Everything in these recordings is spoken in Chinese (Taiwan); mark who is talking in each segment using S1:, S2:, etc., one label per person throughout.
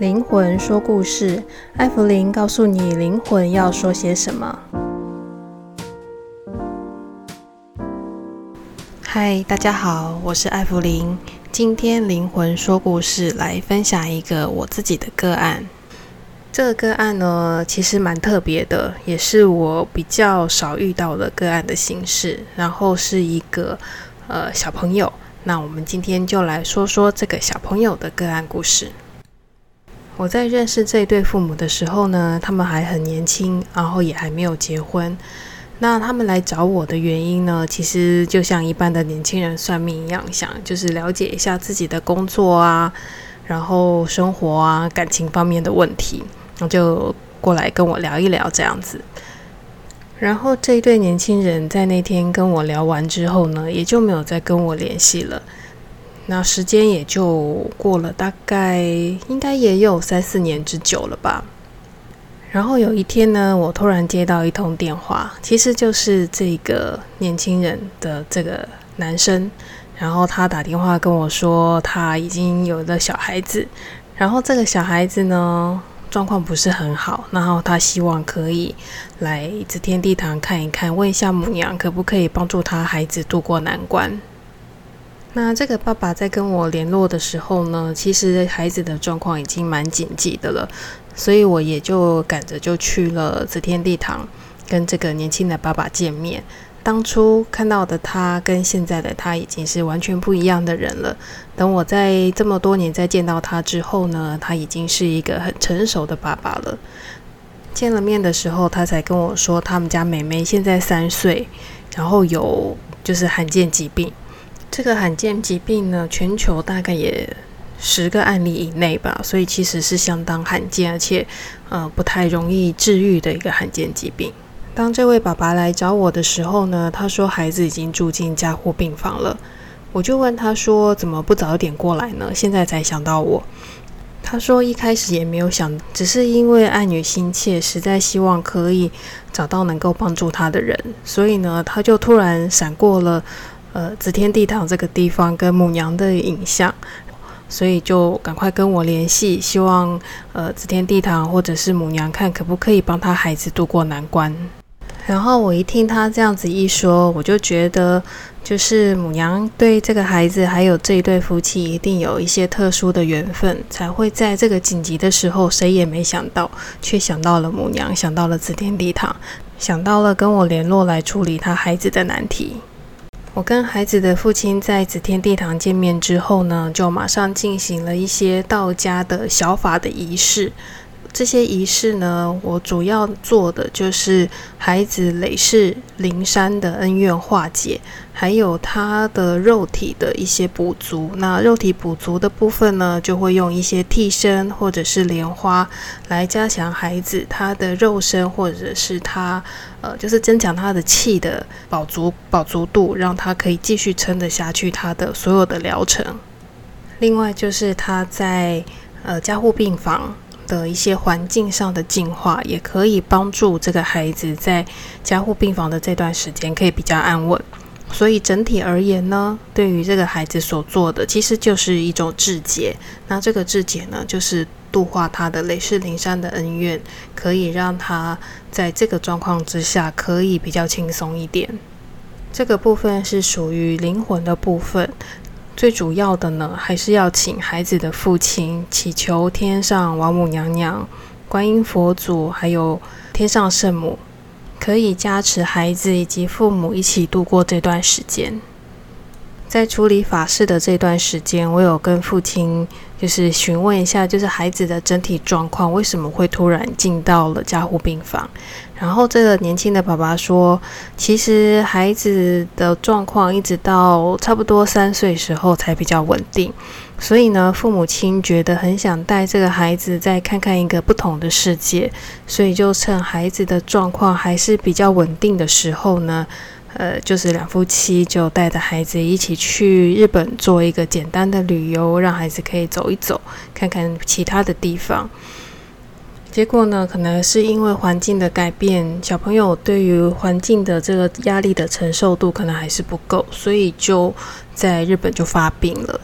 S1: 靈魂說故事，艾芙靈告訴你靈魂要說些什麼。嗨，大家好，我是艾芙靈。今天靈魂說故事來分享一個我自己的個案。這個個案呢，其實蠻特別的，也是我比較少遇到的個案的形式。然後是一個呃小朋友，那我們今天就來說說這個小朋友的個案故事。我在認識這一對父母的時候呢，他們還很年輕，然後也還沒有結婚。那他們來找我的原因呢，其實就像一般的年輕人算命一樣，想就是了解一下自己的工作啊，然後生活啊、感情方面的問題，那就過來跟我聊一聊這樣子。然後這一對年輕人在那天跟我聊完之後呢，也就沒有再跟我聯繫了。那時間也就過了，大概應該也有三四年之久了吧。然後有一天呢，我突然接到一通電話，其實就是這個年輕人的這個男生，然後他打電話跟我說，他已經有了小孩子，然後這個小孩子呢，狀況不是很好，然後他希望可以來紫天地堂看一看，問一下母娘可不可以幫助他孩子渡過難關。那這個爸爸在跟我聯絡的時候呢，其實孩子的狀況已經蠻緊急的了，所以我也就趕着就去了紫天地堂，跟這個年輕的爸爸見面。當初看到的他跟現在的他已經是完全不一樣的人了。等我在這麼多年再見到他之後呢，他已經是一個很成熟的爸爸了。見了面的時候，他才跟我說，他們家妹妹現在三歲，然後有就是罕見疾病。這個罕見疾病呢，全球大概也十個案例以內吧，所以其實是相當罕見，而且呃不太容易治癒的一個罕見疾病。當這位爸爸來找我的時候呢，他說孩子已經住進加護病房了，我就問他說，怎麼不早點過來呢？現在才想到我。他說一開始也沒有想，只是因為愛女心切，實在希望可以找到能夠幫助他的人，所以呢，他就突然閃過了。呃，紫天地堂這個地方跟母娘的影像，所以就趕快跟我聯繫，希望呃紫天地堂或者是母娘看可不可以幫他孩子渡過難關。然後我一聽他這樣子一說，我就覺得就是母娘對這個孩子還有這一對夫妻一定有一些特殊的緣分，才會在這個緊急的時候，誰也沒想到，卻想到了母娘，想到了紫天地堂，想到了跟我聯絡來處理他孩子的難題。我跟孩子的父親在紫天地堂見面之後呢，就馬上進行了一些道家的小法的儀式。這些儀式呢，我主要做的就是孩子累世靈山的恩怨化解，還有他的肉體的一些補足。那肉體補足的部分呢，就會用一些替身或者是蓮花來加強孩子他的肉身，或者是他呃，就是增強他的氣的飽足飽足度，讓他可以繼續撐得下去他的所有的療程。另外就是他在呃加護病房。的一些環境上的淨化，也可以幫助這個孩子在加護病房的這段時間可以比較安穩。所以整體而言呢，對於這個孩子所做的，其實就是一種制解。那這個制解呢，就是度化他的累世靈山的恩怨，可以讓他在這個狀況之下可以比較輕鬆一點。這個部分是屬於靈魂的部分。最主要的呢，還是要請孩子的父親祈求天上王母娘娘、觀音佛祖，還有天上聖母，可以加持孩子以及父母一起度過這段時間。在處理法事的這段時間，我有跟父親就是詢問一下，就是孩子的整體狀況為什麼會突然進到了加護病房。然後這個年輕的爸爸說，其實孩子的狀況一直到差不多三歲時候才比較穩定，所以呢，父母親覺得很想帶這個孩子再看看一個不同的世界，所以就趁孩子的狀況還是比較穩定的時候呢。呃，就是兩夫妻就帶着孩子一起去日本做一個簡單的旅遊，讓孩子可以走一走，看看其他的地方。結果呢，可能是因為環境的改變，小朋友對於環境的這個壓力的承受度可能還是不夠，所以就在日本就發病了。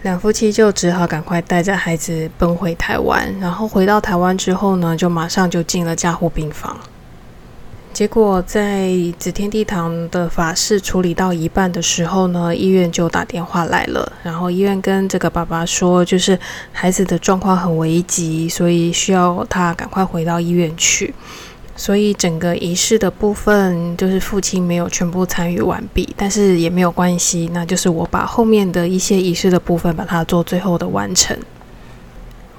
S1: 兩夫妻就只好趕快帶着孩子奔回台灣，然後回到台灣之後呢，就馬上就進了加護病房。結果在紫天地堂的法事處理到一半的時候呢，醫院就打電話來了。然後醫院跟這個爸爸說，就是孩子的狀況很危急，所以需要他趕快回到醫院去。所以整個儀式的部分，就是父親沒有全部參與完畢，但是也沒有關係，那就是我把後面的一些儀式的部分把它做最後的完成。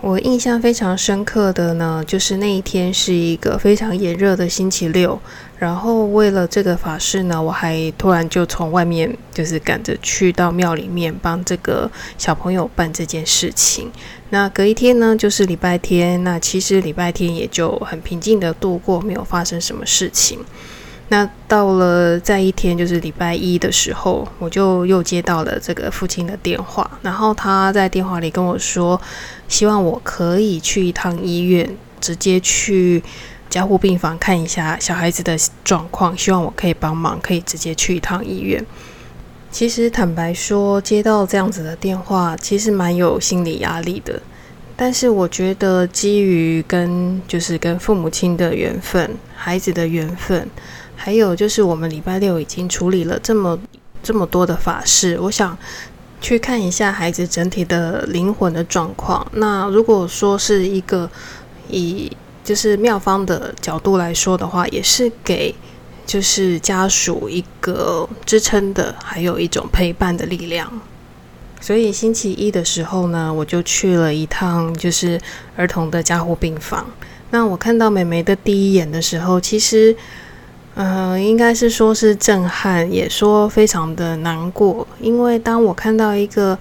S1: 我印象非常深刻的呢，就是那一天是一個非常炎熱的星期六，然後為了這個法事呢，我還突然就從外面就是趕着去到廟裡面幫這個小朋友辦這件事情。那隔一天呢，就是禮拜天，那其實禮拜天也就很平靜的度過，沒有發生什麼事情。那到了在一天，就是禮拜一的時候，我就又接到了這個父親的電話，然後他在電話裡跟我說，希望我可以去一趟醫院，直接去加護病房看一下小孩子的狀況，希望我可以幫忙，可以直接去一趟醫院。其實坦白說，接到這樣子的電話，其實蠻有心理壓力的，但是我覺得基於跟就是跟父母親的緣分，孩子的緣分。還有就是，我們禮拜六已經處理了這麼這麼多的法事，我想去看一下孩子整體的靈魂的狀況。那如果說是一個以就是廟方的角度來說的話，也是給就是家屬一個支撐的，還有一種陪伴的力量。所以星期一的時候呢，我就去了一趟，就是兒童的加護病房。那我看到妹妹的第一眼的時候，其實。嗯，應該是說是震撼，也說非常的難過。因為當我看到一個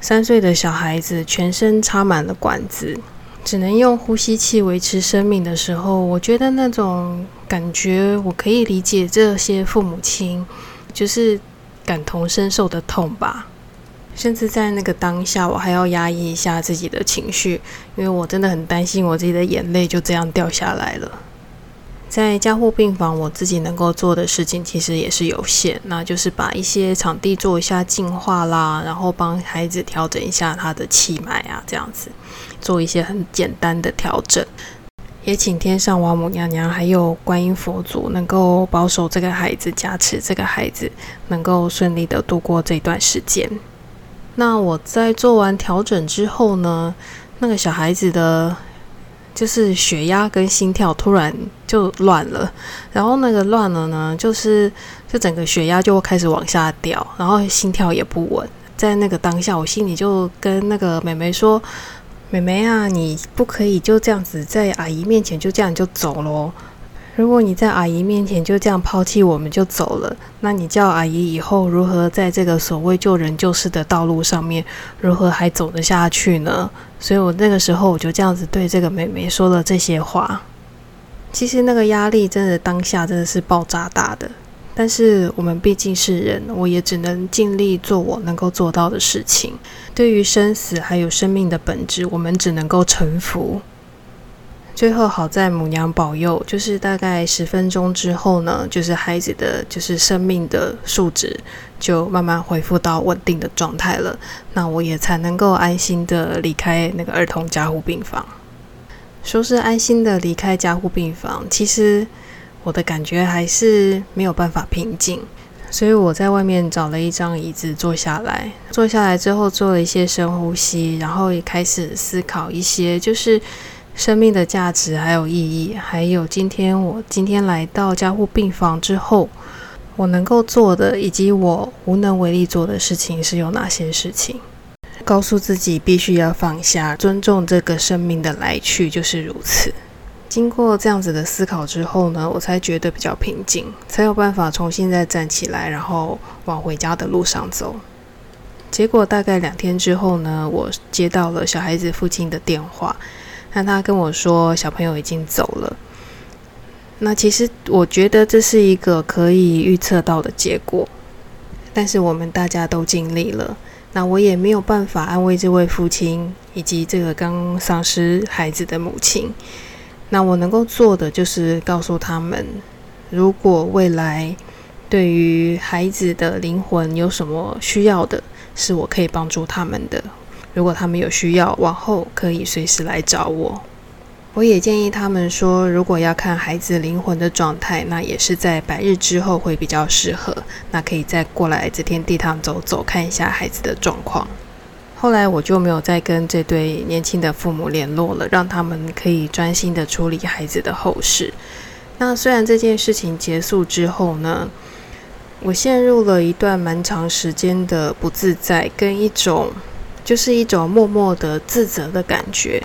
S1: 三歲的小孩子全身插滿了管子，只能用呼吸器維持生命的時候，我覺得那種感覺，我可以理解這些父母親，就是感同身受的痛吧。甚至在那個當下，我還要壓抑一下自己的情緒，因為我真的很擔心我自己的眼淚就這樣掉下來了。在加護病房，我自己能夠做的事情其實也是有限，那就是把一些場地做一下淨化啦，然後幫孩子調整一下他的氣脈啊，這樣子做一些很簡單的調整。也請天上王母娘娘還有觀音佛祖能夠保守這個孩子，加持這個孩子能夠順利的度過這段時間。那我在做完調整之後呢，那個小孩子的。就是血壓跟心跳突然就亂了，然後那個亂了呢，就是就整個血壓就會開始往下掉，然後心跳也不穩。在那個當下，我心裡就跟那個妹妹說：“妹妹啊，你不可以就這樣子在阿姨面前就這樣就走咯。”如果你在阿姨面前就這樣拋棄我們就走了，那你叫阿姨以後如何在這個所謂救人救世的道路上面，如何還走得下去呢？所以，我那個時候我就這樣子對這個妹妹說了這些話。其實那個壓力真的當下真的是爆炸大的，但是我們畢竟是人，我也只能盡力做我能夠做到的事情。對於生死還有生命的本質，我們只能夠臣服。最後好在母娘保佑，就是大概十分鐘之後呢，就是孩子的就是生命的數值就慢慢恢復到穩定的狀態了。那我也才能夠安心的離開那個兒童加護病房。說是安心的離開加護病房，其實我的感覺還是沒有辦法平靜，所以我在外面找了一張椅子坐下來，坐下來之後做了一些深呼吸，然後也開始思考一些就是。生命的價值還有意義，還有今天我今天來到加護病房之後，我能夠做的以及我無能為力做的事情是有哪些事情？告訴自己必須要放下，尊重這個生命的來去就是如此。經過這樣子的思考之後呢，我才覺得比較平靜，才有辦法重新再站起來，然後往回家的路上走。結果大概兩天之後呢，我接到了小孩子父親的電話。那他跟我說，小朋友已經走了。那其實我覺得這是一個可以預測到的結果，但是我們大家都盡力了。那我也沒有辦法安慰這位父親以及這個剛喪失孩子的母親。那我能夠做的就是告訴他們，如果未來對於孩子的靈魂有什麼需要的，是我可以幫助他們的。如果他們有需要，往後可以隨時來找我。我也建議他們說，如果要看孩子靈魂的狀態，那也是在百日之後會比較適合。那可以再過來這天地堂走走，看一下孩子的狀況。後來我就沒有再跟這對年輕的父母聯絡了，讓他們可以專心的處理孩子的後事。那雖然這件事情結束之後呢，我陷入了一段蠻長時間的不自在跟一種。就是一種默默的自責的感覺。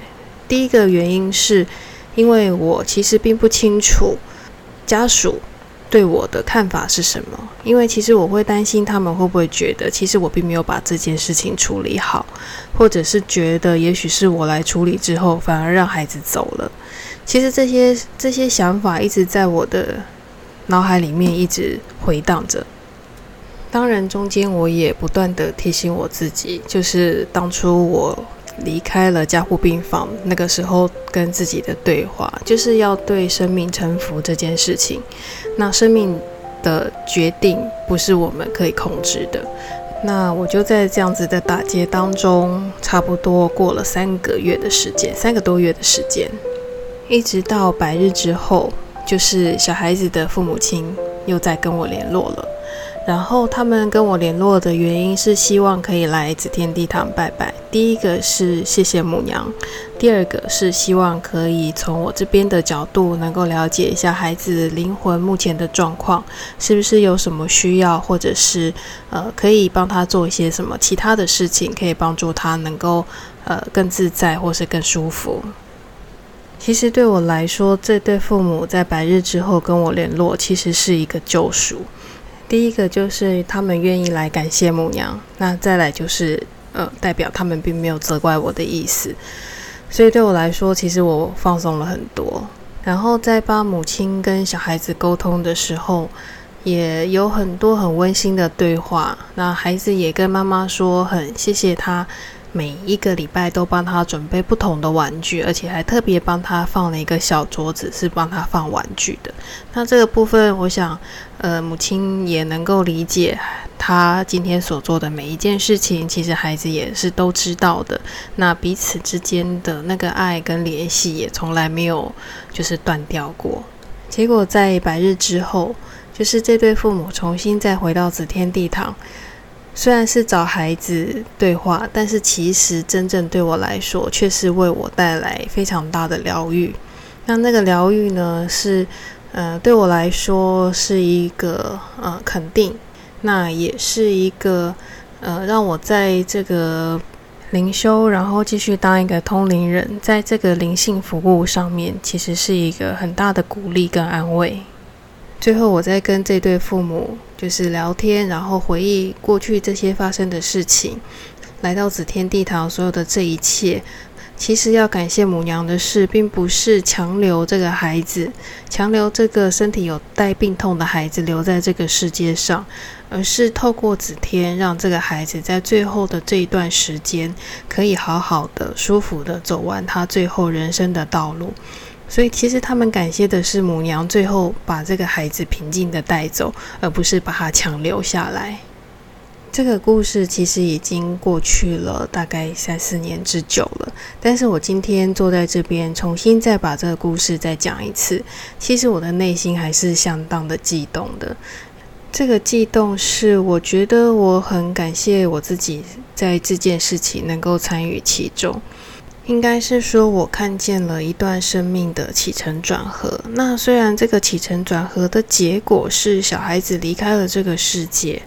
S1: 第一個原因是，因為我其實並不清楚家屬對我的看法是什麼，因為其實我會擔心他們會不會覺得，其實我並沒有把這件事情處理好，或者是覺得也許是我來處理之後，反而讓孩子走了。其實這些這些想法一直在我的腦海裡面一直回蕩着。當然，中間我也不斷的提醒我自己，就是當初我離開了加護病房，那個時候跟自己的對話，就是要對生命臣服這件事情。那生命的決定不是我們可以控制的。那我就在這樣子的打結當中，差不多過了三個月的時間，三個多月的時間，一直到百日之後，就是小孩子的父母親又在跟我聯絡了。然後他們跟我聯絡的原因是希望可以來紫天地堂拜拜。第一個是謝謝母娘，第二個是希望可以從我這邊的角度能夠了解一下孩子靈魂目前的狀況，是不是有什麼需要，或者是呃可以幫他做一些什麼其他的事情，可以幫助他能夠呃更自在或是更舒服。其實對我來說，這對父母在百日之後跟我聯絡，其實是一個救贖。第一個就是他們願意來感謝母娘，那再來就是呃，代表他們並沒有責怪我的意思，所以對我來說，其實我放鬆了很多。然後在幫母親跟小孩子溝通的時候，也有很多很溫馨的對話，那孩子也跟媽媽說很謝謝他。每一個禮拜都幫他準備不同的玩具，而且還特別幫他放了一個小桌子，是幫他放玩具的。那這個部分，我想，呃，母親也能夠理解，他今天所做的每一件事情，其實孩子也是都知道的。那彼此之間的那個愛跟聯繫也從來沒有就是斷掉過。結果在百日之後，就是這對父母重新再回到紫天地堂。雖然是找孩子對話，但是其實真正對我來說，卻是為我帶來非常大的療癒。那那個療癒呢，是，呃，對我來說是一個呃肯定，那也是一個呃讓我在這個靈修，然後繼續當一個通靈人，在這個靈性服務上面，其實是一個很大的鼓勵跟安慰。最後，我再跟這對父母就是聊天，然後回憶過去這些發生的事情，來到紫天地堂所有的這一切，其實要感謝母娘的是，並不是強留這個孩子，強留這個身體有帶病痛的孩子留在這個世界上，而是透過紫天，讓這個孩子在最後的這一段時間，可以好好的、舒服的走完他最後人生的道路。所以，其實他們感謝的是母娘，最後把這個孩子平靜的帶走，而不是把她強留下來。這個故事其實已經過去了大概三四年之久了，但是我今天坐在這邊，重新再把這個故事再講一次，其實我的內心還是相當的激動的。這個激動是，我覺得我很感謝我自己在這件事情能夠參與其中。應該是說，我看見了一段生命的起承轉合。那雖然這個起承轉合的結果是小孩子離開了這個世界，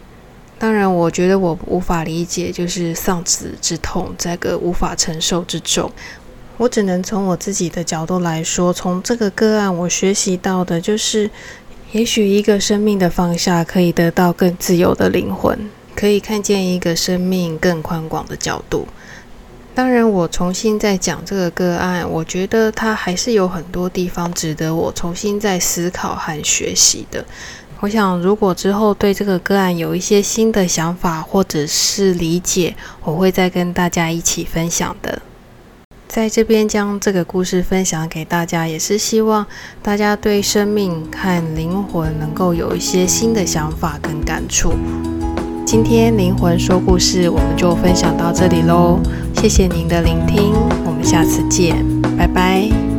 S1: 當然，我覺得我無法理解，就是喪子之痛這個無法承受之重。我只能從我自己的角度來說，從這個個案，我學習到的就是，也許一個生命的放下，可以得到更自由的靈魂，可以看見一個生命更寬廣的角度。當然，我重新再講這個個案，我覺得它還是有很多地方值得我重新再思考和學習的。我想，如果之後對這個個案有一些新的想法或者是理解，我會再跟大家一起分享的。在這邊將這個故事分享給大家，也是希望大家對生命和靈魂能夠有一些新的想法跟感觸。今天靈魂說故事，我們就分享到這裡嘍，謝謝您的聆聽，我們下次見，拜拜。